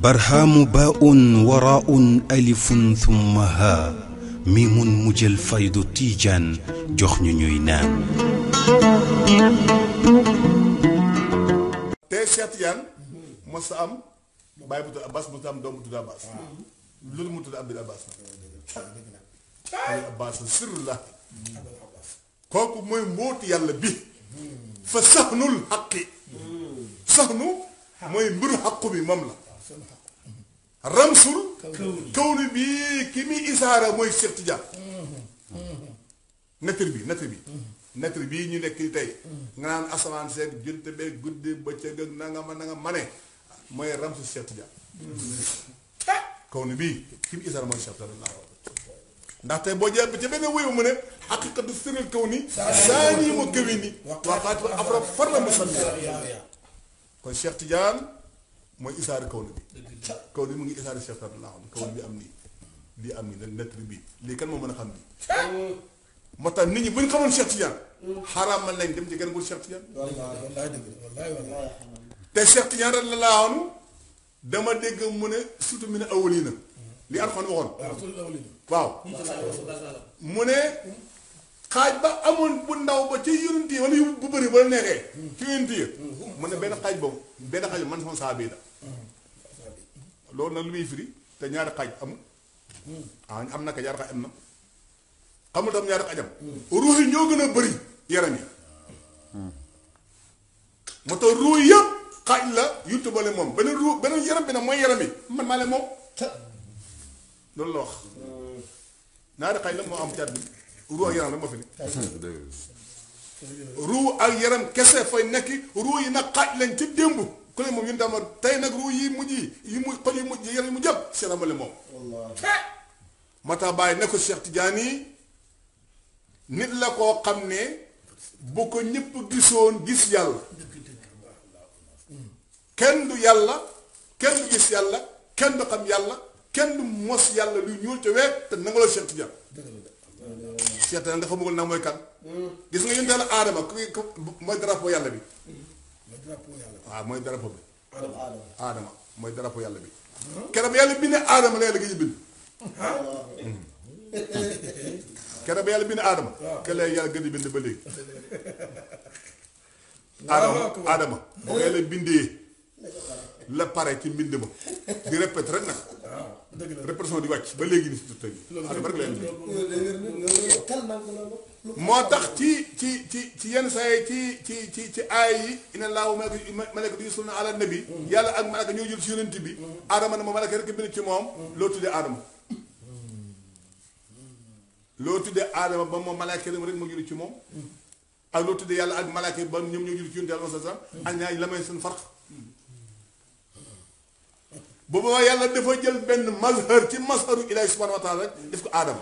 برهام باء وراء ألف ثم ها ميم مجلفيد تيجان جخن نيوينان تيشاتيان يان مسام باي بوتو اباس مسام دوم بوتو اباس لول موت عبد عباس عباس سر الله kooku mooy mbóotu yàlla bi fa saxnul xaqi saxnu mooy mbiru xaqu bi moom la ramsul kawnu bi ki muy isaara mooy Cheikh ja nature bi nature bi nature bii ñu nekk tey nga naan asamaan seeg jënt beeg guddi bëccëg ak nanga ma nanga ma ne mooy ramsul Cheikh Tidiane ah! kawnu bi ki muy isaara mooy Cheikh Tidiane ndaxte boo jàpp ca benn wéyu mu ne xaqiqatu siril kaw ni saani wa kawi ni waxaat ba afra farla mu sanni kon Cheikh Tidiane mooy isaar kaw ni kaw ni mu ngi isaari Cheikh Abdallah kaw ni bi am nii lii am nii nett bi bii lii kan moo mën a xam nii moo tax nit ñi bu ñu xamoon Cheikh Tidiane xaraamal nañ dem ci gën bu Cheikh Tidiane te Cheikh Tidiane radiyallahu anhu dama dégg mu ne surtout mu ne awali na li Alxuraan waxoon waaw mu ne xaaj ba amoon bu ndaw ba ci yonent yi wala yu bu bëri ba neexee hmm. ci yonent yi hmm. Hmm. mu ne benn xaaj boobu benn xaaj man sama saa bii la loolu nag lu muy firi te ñaari xaaj amul ah am na ka ñaari xaaj am na xamul tam ñaari xaaj am ruux yi ñoo gën a bëri yaram yi moo tax ruux yëpp xaaj la yu tubale moom beneen ruux beneen yaram bi nag mooy yaram yi man maa leen moom loolu la wax ñaari xay la moo am ci àdduna ruu ak yaram kese fay nekk ruu yi nag xaaj lañ ci démb ku ne moom ñun dama tey nag ruu yi mujj yi yi mu xol yi mujj yi yaram yi mu moom mata bàyyi ne ko Cheikh Tidiane nit la koo xam ne bu ko ñëpp gisoon gis yàlla kenn du yàlla kenn du gis yàlla kenn du xam yàlla kenn mos yàlla lu ñuul te weet te nangu la Cheikh Tidiane. Cheikh Tidiane dafa bëggoon naa mooy kan. gis nga yéen daal aadama yàlla bi. mooy drapeau mooy drapeau bi. yàlla bi. keroog yàlla bind aadama la a bind. keroog ba yàlla bind aadama. waaw keroog yàlla gëj a bind ba léegi. aadama aadama boo yàlla bindee la pare ci mbind ma di répété rek nag. dëgg la répression di wàcc ba léegi nii surtout tey. moo tax ci ci ci ci yenn saa yi ci ci ci ci aay yi inna laahu malaikatu yusalluna ala nabi. Mm-hmm. yàlla ak malaaka ñoo jël ci yonent bi. aadama mm-hmm. na ma malaaka rek ci moom. Mm-hmm. loo tuddee aadama. loo tuddee aadama ba moom malaaka rek moo jël ci moom. ak loo tuddee yàlla ak malaaka ba ñoom ñoo jël ci yonent yàlla sa sa. ak ñaar la may seen farq. bu boobaa yàlla dafa jël benn mazhar ci mazharu ilaahi subhaanahu wa taala rek def ko aadama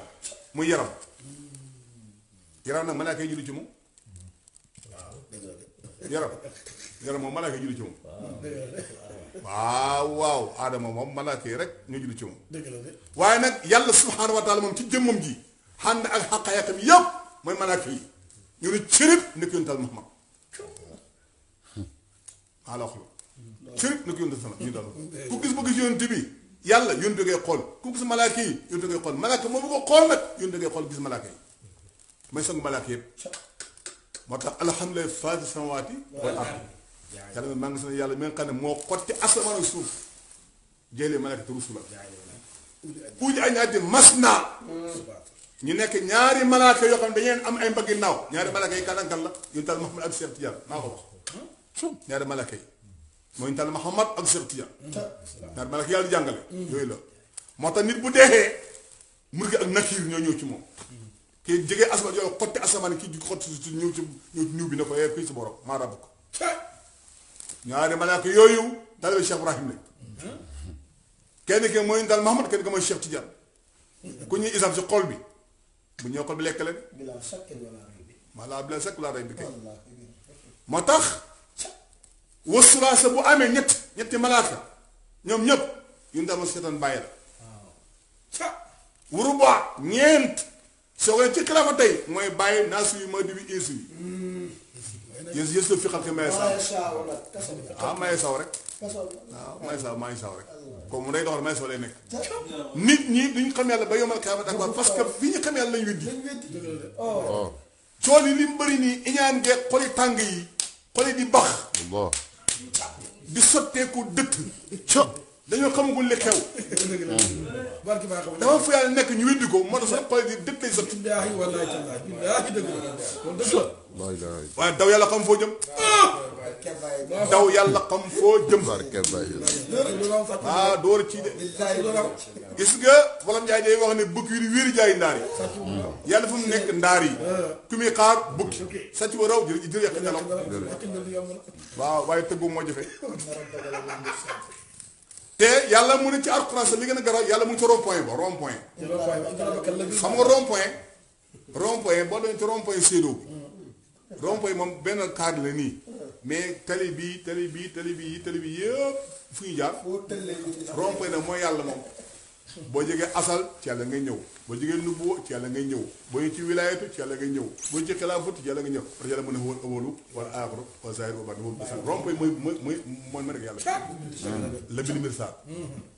muy yaram yaram nag malaaka yi julli ci moom yaram moom malaaka yi waaw waaw aadama moom malaaka yi rek ñu julli ci moom waaye nag yàlla subhaanahu wa moom ci jëmmam ji xànd ak xaqaayatam yëpp mooy malaaka yi ñu ne cërib nekk yontal Muhammad maa la firip na ko yónni sama ñu dal ku gis bëgg si yónni bi yàlla yónni ngay xool ku gis malaaka yi yónni ngay xool malaaka moom bu ko xool nag yónni ngay xool gis malaaka yi may sang malaaka yëpp moo tax alhamdulilah faasi samawaati wal ard yàlla maa ngi sant yàlla mi nga xam ne moo xotti asamaan ak suuf jëlee malaaka te rusula puuj ay ñaati mas naa ñu nekk ñaari malaaka yoo xam ne dañeen am ay mbaggi naaw ñaari malaaka yi kan ak kan la yónni daal Muhammad ak Cheikh Tidiane maa ko wax ñaari malaaka yi mooy tal Muhammad ak Cheikh Tidiane. ñaar mm. yàlla jàngale. Mm. yooyu la moo tax nit bu deexee Munkar ak Nakiir ñoo ñëw ci moom. Mm. kii jege asamaan yow xotti asamaan kii di xotti si ñëw ci bi ne ko yee fii si borom maa rabb ko. ñaari malaaka yooyu taalibe Cheikh Ibrahim lañ. Mm-hmm. kenn ki mooy tal Muhammad kenn ki mooy Cheikh Tidiane. ku ñuy isam si xol bi bu ñëw xol bi lekk leen. bilaa sakk wala rëy bi. maanaam bilaa sakk wala moo tax. wasuwaasa bu amee ñett ñetti malaaka ñoom ñëpp ñun dama seetaan bàyyi la. wuru ñeent soo koy ci kalaama tey mooy bàyyi naa suy ma dibi insu yi yéen yéen sa fi xam ke may saw rek waaw ah, may saw may saw rek comme mu day doxal may saw lay nekk nit ñi duñ xam yàlla ba yomal a ak parce que fi ñu xam yàlla lañ weddi cool yi li mu bëri nii iñaan gee xoli tàng yi xoli di bax di sotteeku dëkk co dañoo xamagul li xew dafa fu yàlla nekk ñu weddi ko moo tax sax xol di dëkk lay sotti waaye daw yàlla xam foo jëm. Ah! daw yàlla xam foo jëm. ah door ci de. gis nga wala Njaay day wax ne bukki yi wéeri jaay ndaar yi. yàlla fu mu nekk ndaar yi. ku muy xaar bukki sàcc ba raw jërëjëf jërëjëf ñalaw. waaw waaye tëggu moo jafe. te yàlla mu ne ci alxuraan sa li gën a garaaw yàlla mu ngi ci rond point ba rond point. xam nga rond point. rond point boo demee ci rond point séedoo. rond-point moom benn cadre la nii mais tali bii tali bii tali bi tali bi yëpp fu ñu jaar rond-point nag mooy yàlla moom boo jegee asal ci yàlla ngay ñëw boo jógee nubbu ci yàlla ngay ñëw boo ci wilaayatu ci yàlla ngay ñëw boo ñu ci xilaafatu ci yàlla ngay ñëw parce que yàlla mën na wóor awolu wala aaxaru wala zahir wala mooy mooy mooy mooy ma nekk yàlla la bini mirsal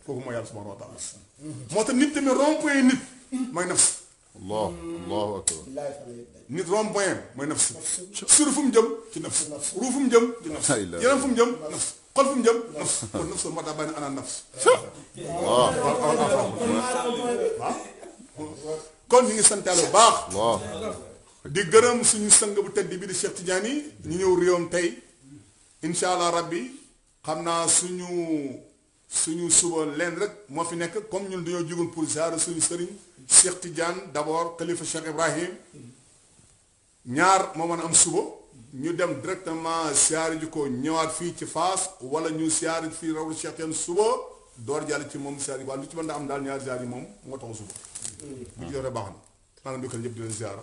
kooku hmm. mooy yàlla subhanahu wa taala moo tax nit tamit rond-point nit mooy nafs allah allahu akbar nit rond point mooy nafs suru fu jëm ci nafs ruu fu jëm ci nafs yaram mu jëm nafs xol fu jëm nafs kon ñu ngi santaale bu baax di gërëm suñu sang bu tedd bi di Cheikh Tidiane ñu ñëw réewam tey incha allah rabbi xam naa suñu suñu suba leen rek moo fi nekk comme ñun dañoo jógoon pour ziara suñu sëriñ Cheikh Tidiane d'abord Khalifa Cheikh Ibrahim ñaar moo mën am suba ñu dem directement ziara ji ko ñëwaat fii ci Fass wala ñu ziara fii rawul Cheikh yan suba door jàll ci moom ziara yi waaye lu ci mën a am daal ñaar ziara yi moom moo tax suba bu ci dooree baax na maanaam du ko ñëpp di leen ziara